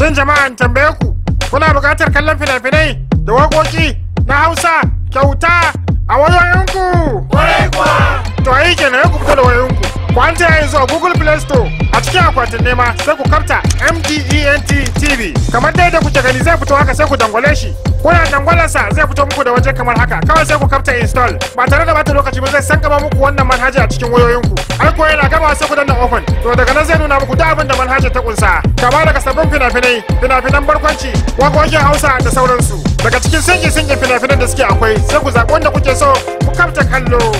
Shin jama'an tambaye ku kuna buƙatar kallon fina-finai da waƙoƙi na Hausa kyauta a wayoyinku? Kwarai kuwa! To ayi kenan ya ku fito da wayoyinku. wanda ya yanzu a Google Play Store a cikin akwatin nema sai ku kafta MDENT TV kamar dai da kuke gani zai fito haka sai ku dangwale shi kuna dangwalarsa zai fito muku da waje kamar haka kawai sai ku kafta install ba tare da bata lokaci ba zai san gaba muku wannan manhaja a cikin wayoyinku har ko yana gaba sai ku danna open to daga nan zai nuna muku duk abin da manhaja ta kunsa kama daga sabbin fina-finai fina-finan barkwanci wakokin hausa da sauransu daga cikin singe-singe fina-finan da suke akwai sai ku zaɓi wanda kuke so ku kafta kallo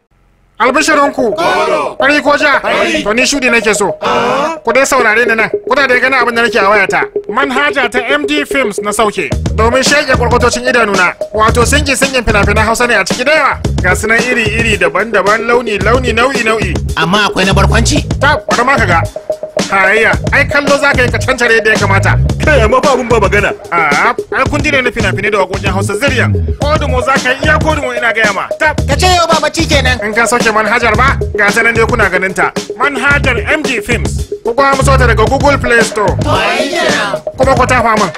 albishirinku fari ko ja to ni shudi nake so ku dai saurare ni nan kuna da gani abin da nake a wayata manhaja ta md films na sauke domin shege idanu idanuna wato sinki singin fina-finan hausa ne a ciki da yawa ga sunan iri-iri daban-daban launi-launi nau'i-nau'i amma akwai na barkwanci ta wata ma kaga tarayya ai kallo za ka yi ka cancare da ya kamata kai amma ba abun ba magana a ai kun dina na fina-finai da wakokin hausa zirya kodumo za ka yi iya kodumo ina gaya ma ta ka ce yau ba mace kenan in ka sauke manhajar ba ga zanen dai kuna ganin ta manhajar mg films ku kuma musu daga google play store kuma ku ta fama.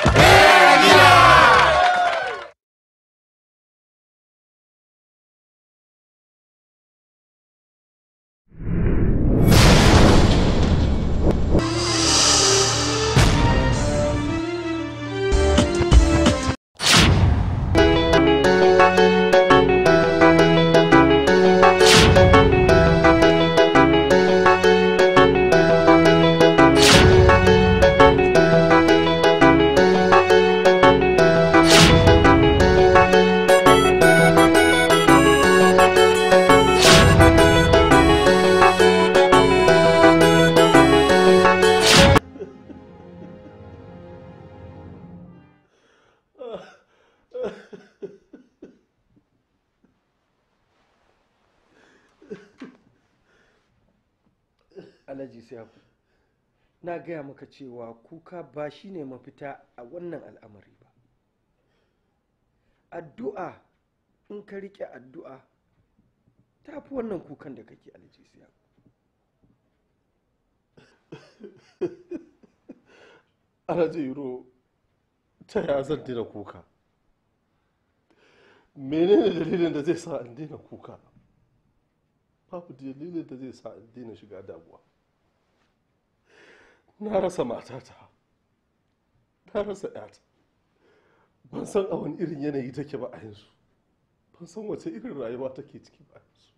alaji siyaku na gaya maka cewa kuka ba shi ne mafita a wannan al'amari ba addu'a in ka rike addu'a ta fi wannan kukan da kake alaji siyaku alaji yiro ta ya zan dina kuka menene dalilin da zai sa in dina kuka babu dalilin da zai sa in dina shiga damuwa na rasa matata na rasa yata ban san a wani irin yanayi take ba a yanzu ban san wace irin rayuwa take ciki ba a yanzu